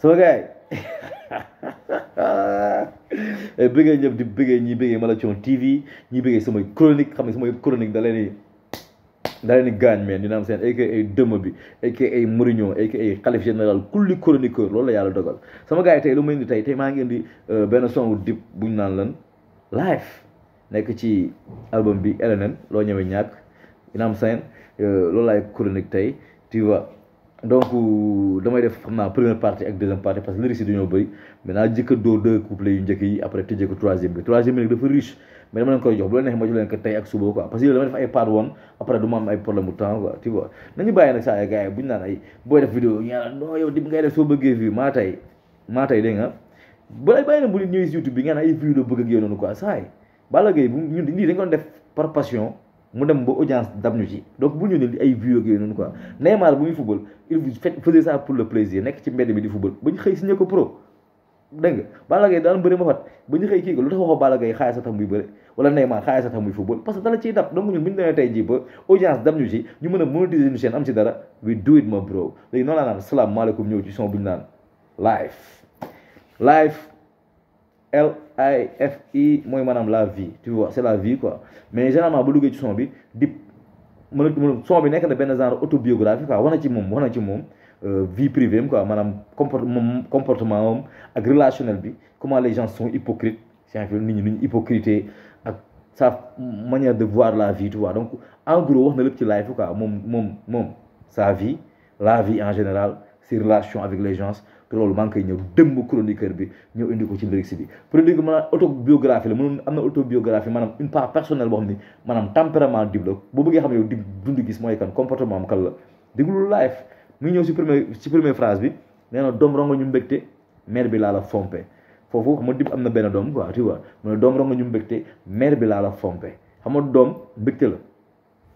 sama gaay eh, bëggee ñëpp di bëggee ñi bëggee Malathion TV ñi bëggee samay chronique xam ne samay chronique da leen da leen di gaañ meen dina am seen aka ay dëmm bi aka ay Mourinho aka ay xalif général kulli chroniqueur loolu la yàlla dogal sama gars yi tey lu ma indi tey tey maa ngi di euh, benn son dip buñ naan lan live nekk ci album bi LNN loo ñëwee ñàkk dina am seen euh, loolu laay chronique tey tu donc euh, damay def xam naa première partie ak deuxième partie parce que lyrics yi dañoo bëri maintenant jëkka dóor deux couplets yu njëkk yi après troisième bi troisième bi nag dafa riche mais dama def ay part one ay problème bu bëgg ak yow noonu quoi saa yi Balla ñun lii dañ ko def par passion mu dem ba audience dam ñu ci donc bu ñu ne li ay vues yooyu noonu quoi Neymar bu muy football il faisait ça pour le plaisir nekk ci mbedd mi di football ba ñu xëy signé ko pro dégg nga Balla Gaye daan bëri ma fat ba ñu xëy kii ko lu tax waxoo Balla Gaye xaalis a tax muy bëri wala Neymar xaalis a tax muy football parce que dala ciy dab donc ñun bu ñu demee tey jii ba audience dam ñu ci ñu mën a monétiser ñu seen am ci dara we do it ma bro léegi noonu laa L I mooy maanaam la vi tu vois la vi quoi mais généralement bu duggee ci son bi di mën a son bi nekk na benn genre autobiographie quoi wax na ci moom wax na ci moom euh, vie privée am quoi maanaam comportement am ak relationnel bi comment les gens sont hypocrites c'est nit ñi nu ñu hypocrité ak sa manière de voir la vi tu donc en gros wax na lépp ci life quoi moom moom moom sa vie la vie en général ses relation avec les gens loolu maa ngi ñëw démb chroniqueur bi ñëw indi ko ci lyrics bi pour dire que maanaam autobiographie la mënoon am na autobiographie maanaam une part personnelle boo xam ni maanaam tempérament dib la boo bëggee xam ne yow dib dund gis mooy kan comportement am kan la déglu live mu ngi ñëw si premier si première phrase bi nee doom rongo ñu mbégte mère bi laa la fompe foofu xam nga am na benn doom quoi tu vois mu ne doom rongo ñu mbégte mère bi laa la xam nga doom mbégte la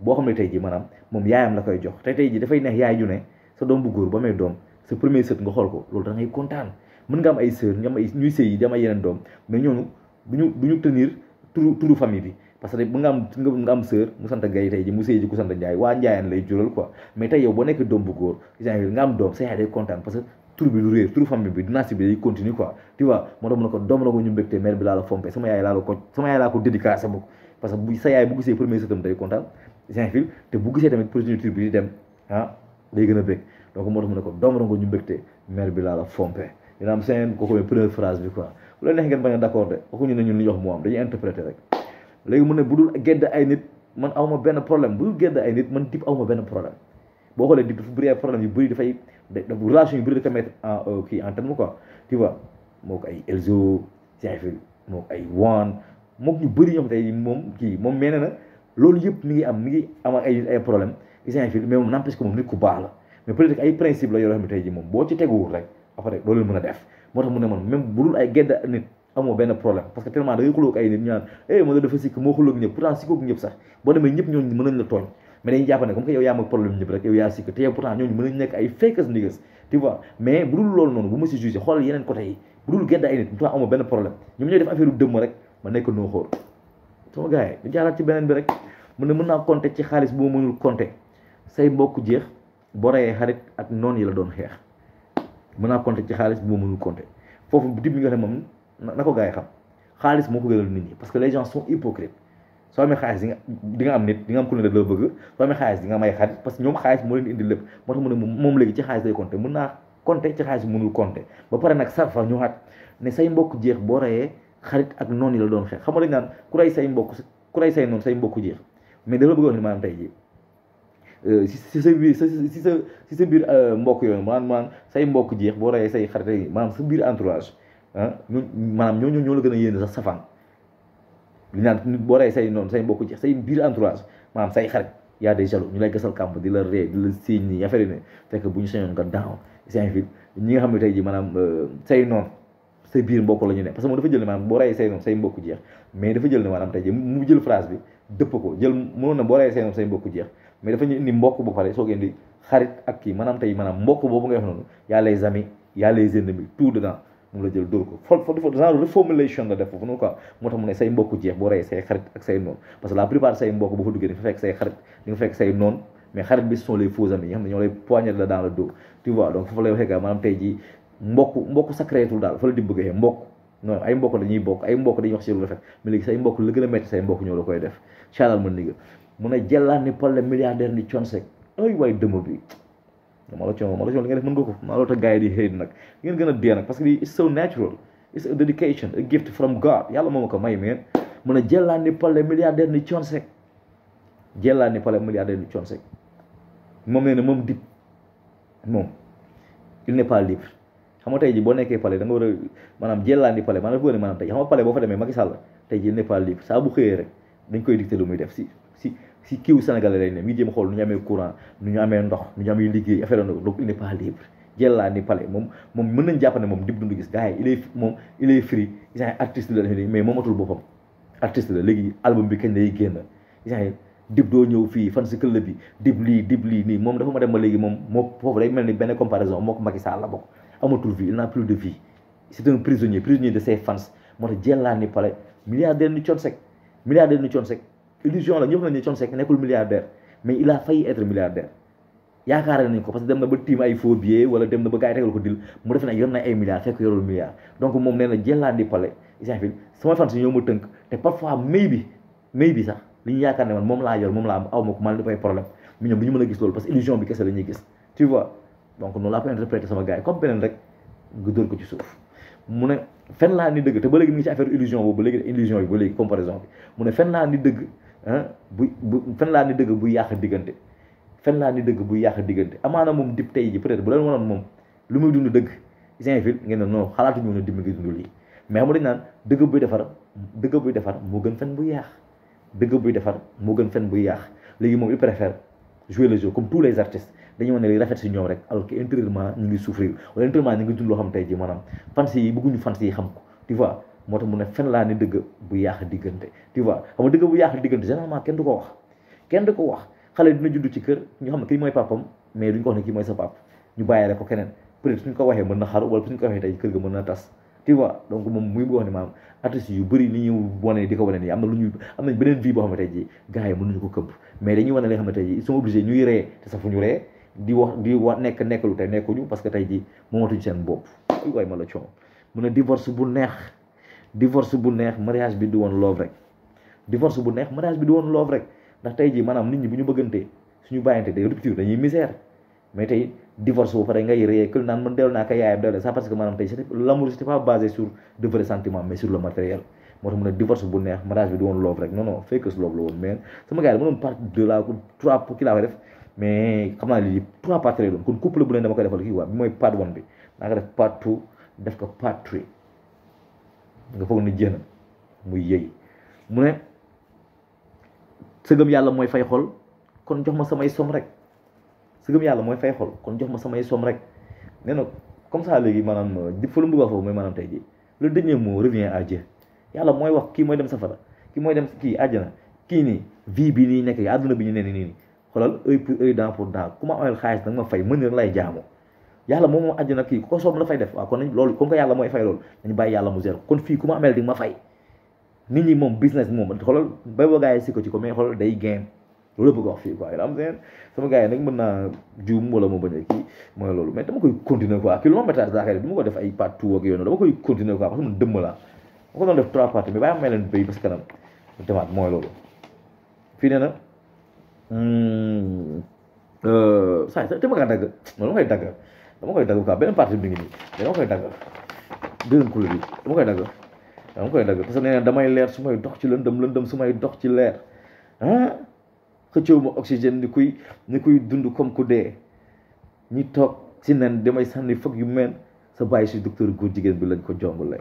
boo xam ne tey ji maanaam moom yaayam la koy jox te tey ji dafay neex yaay ju ne sa doom bu góor ba may doom sa premier sët nga kontaan mën nga am ay sœur nga am ay ñuy sëy yi di am ay yeneen doom mais ñooñu duñu du ji mu sëy ji ku sant njaay doom bu góor genre nga doom sa yaay day kontaan parce que yaay laa ko sama yaay laa ko parce que bu sa yaay bu gisee premier sëtam day kontaan genfil ah, day gën a bëgg doom rango ñu mbégte mère bi laa la fompe dina am seen kooku mooy première phrase bi quoi bu la neex ngeen bañ a d'accord de waxuñu ne ñun li ñu wax moo am dañuy interpréter rek léegi mu ne bu dul gedd ay nit man awma benn problème bu dul gedd ay nit man dip awma benn problème boo xoolee dip dafa bëri ay problème yu bëri dafay relation yu bëri da ko mettre en euh, kii en terme quoi tu vois moo ko ay Elzo genfil moo ko ay moom ñu bëri ñoom tey moom kii moom mel na loolu yëpp mi ngi am mi ngi am ay ay problème gis naa fi mais moom n'empêche que moom nit ku baax la mais peut-être ay principe la yoo xam tax eh ma nekk ay fekkas ndigas tu vois mais bu dul loolu noonu bu ma si jugé xoolal yeneen côté yi bu dul gedd ay nit pourtant amoo benn problème ñoom ñooy def affaire dëmm rek ma nekk noo xóor sama gars yi ñu jaaraat ci beneen bi rek mu ne mën naa compter ci xaalis bu ma mënul compter say mbokk jeex boo reyee xarit ak noon yi la doon xeex mën naa compter ci xaalis bu ma mënul compter foofu dib bi nga xam ne moom na ko gars yi xam xaalis moo ko gënal nit ñi parce que les gens sont hypocrites soo amee xaalis di nga di nga am nit di nga am ku ne la bëgg soo amee xaalis di nga may xarit parce que ñoom xaalis moo leen indi lépp moo tax mu ne moom léegi ci xaalis lay compter mën naa compter ci xaalis bu mënul compter ba pare nag sarfa ñu xaat ne say mbokk jeex boo reyee xarit ak noon yi la doon xeex xam nga dañ naan ku rey say mbokk ku rey say say mbokk jeex mais dafa bëgg wax ni maanaam euh, sa si sa si sa biir euh, mbokk yooyu maanaam maanaam say mbokk jeex boo reyee say xarit yi sa biir entourage ah ñoo maanaam ñoo ñoo gën a yéene sax li naan boo reyee say noonu say mbokk jeex say biir entourage maanaam say xarit yaa des jaloux ñu lay gasal kàmb di la ree di la siiñ nii affaire yi ne bu ñu sañoon nga daaw ñi nga xam ne jii maanaam euh, say noon say biir mbokk la ñu ne parce que moom dafa jël ne maanaam boo mu jël phrase bi dëpp ko jël mënoon na boo rey say noom say mbokk jeex maanaam tey say mbokk jeex boo rey say xarit ak nga fekk say noon mais xarit bi ce sont les faux amis xam ne ñoo lay poignarder dans le dos tu vois donc foofu lay waxee quoi maanaam tey jii mbokk mbokk sacréetul daal fa la di bëgg yee mbokk non ay mbokk dañuy bokk ay mbokk dañuy wax ci lu rafet mais léegi say mbokk la gën a métti say mbokk ñoo la koy def caalal ma nigga mun a jëlaat ni pale milliardaire ni Thione Seck ay waay dëmm bi ma ko maa loolu tax gars gën a dee nag parce que lii it's so natural it's a dedication yàlla moo ko may meen mun a jëlaat ni pale milliardaire ni Thione Seck jëlaat ni pale milliardaire ni Thione Seck moom nee na moom dip moom il n'est libre xam nga tey ji boo nekkee palais da nga war a maanaam jëllaandi palais maanaam dafa ne maanaam tey xam nga palais boo fa demee Macky Sall tey ji n'est pas libre saa bu xëyee rek dañ koy dicté lu muy def si si si kiiw sénégalais lay ne mi ngi jéem a xool nu ñu amee courant nu ñu amee ndox nu ñu amee liggéey affaire na donc il n'est pas libre jëllaandi palais moom moom mën nañ jàpp ne moom dib dund gis gars yi il est moom il est free genre artiste la def mais moomatul boppam artiste la léegi album bi kañ lay génn genre dib doo ñëw fii fan si club bi dib lii dib lii nii moom dafa ma dem ba léegi moom moo foofu day mel ni benn comparaison moo ko Macky Sall la bokk amatul vie il n'a plus de vie c'est un prisonnier prisonnier de ses fans moo tax jëlaat ni pare milliardaire ni Thione Seck milliardaire ni Thione illusion la ñëpp nañ ne Thione Seck ni pare fi sama fans ñoo ma tënk te parfois may bi may bi sax li yaakaar ne man moom laa yor moom laa am aw ma ko man problème mais ñu mën a gis loolu parce que illusion bi kese la gis tu vois donc noonu laa ko interprété sama gars yi comme beneen rek nga dóor ko ci suuf mu ne fen laa ni dëgg te ba léegi mu ngi ci affaire illusion boobu ba léegi illusion bi ba léegi comparaison bi mu ne fen laa ni dëgg bu bu fen laa ni dëgg bu yàq diggante fen laa ni dëgg bu yàq diggante amaana moom dib tey ji peut être bu leen wanoon moom lu muy dund dëgg Saint-Ville ngeen ne non xalaatu ñu ne dimmi ngi dund lii mais xam dañ naan dëgg buy defar dëgg buy defar moo gën fen buy yàq dëgg buy defar moo gën fen buy yàq léegi moom il préfère jouer le les artistes dañu wane li rafet si ñoom rek alors que intérieurement ñu ngi souffrir wala intérieurement ñu ngi dund loo xam tey ji ne fen laa ne dëgg wax kenn du ko wax xale na xaru wala suñ ko waxee tey kër ga mën yu bëri ni ñu wane di ko wane nii am na ñu beneen vie boo xam ne tey ji gars yi mënuñu ko këpp mais dañuy wane li xam ne tey ji ils sont ñuy ree te sax fu ñu ree di wax di wax nekk nekkalu tey nekkuñu parce que tey jii moomatuñ seen bopp ay waay ma la divorce bu neex divorce bu neex mariage bi di woon love rek bu neex mariage bi du woon love rek ndax tey jii maanaam nit ñi bu ñu bëggantee suñu bàyyante day rupture dañuy misère mais tey divorce bu pare ngay rëyee kël naan man dellu naa ko yaayam dellu ça parce que maanaam tey l'amour c'était pas basé sur de vrais mais sur le matériel moo tax mu ne divorce bu neex mariage bi du woon love rek mais xam naa lii trois parties lay doon kon couple bu ne dama koy defal kii quoi bi mooy part one bi ko def part ko part three nga foog ne jéem muy yëy mu ne sëgëm yàlla mooy fay xol kon jox ma samay som rek sëgëm yàlla mooy fay xol kon jox ma samay som rek nee na comme ça léegi maanaam di fa lu mu bëgg a foofu mooy tey jii le dernier moo revient à Dieu yàlla mooy wax kii mooy dem safara kii mooy dem kii àjjana kii nii vi bi nii nekk yi àdduna bi ñu ne nii nii. xoolal œil pour œil dent pour dent ku ma ameel xaalis nag ma fay mën rek lay jaamu yàlla moom moom àjjana kii ku ko soob la fay def waaw kon nañ loolu comme que yàlla mooy loolu moom a dama koy continuer quoi kii lu ma méttage ak yoonu dama koy continuer quoi parce que man dëmm la ma ko doon def trois parties mais bàyyi ma may leen béy parce que kanam mooy loolu fii nee na hmm, saa yi dama kaa dagg man dama koy dagg dama koy dagg quoi benn parti bi ngi nii mais dama koy dagg deuxième ku bi dama koy dagg dama koy dagg parce que nee damay leer su may dox ci lëndëm lëndëm su may dox ci leer ah xëccëw ma oxygène ni kuy ni kuy dund comme ku dee ñi toog si nen damay sànni fëg yu mel sa bàyyi si docteur góor jigéen bi lañ ko jongule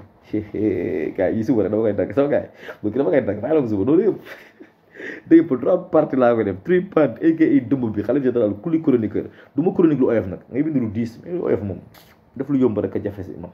gars yi suba rek dama koy dagg sama gars yi bëgg dama koy dagg maa la ko suba loolu yëpp day pour trois parties laa koy def three part aka dëmb bi xale général ku li chroniqueur du ma chronique lu oyof nag ngay bind lu diis mais lu oyof moom def lu yomb rek a jafe si imam